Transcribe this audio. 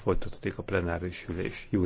folytatódik a plenáris ülés. Jó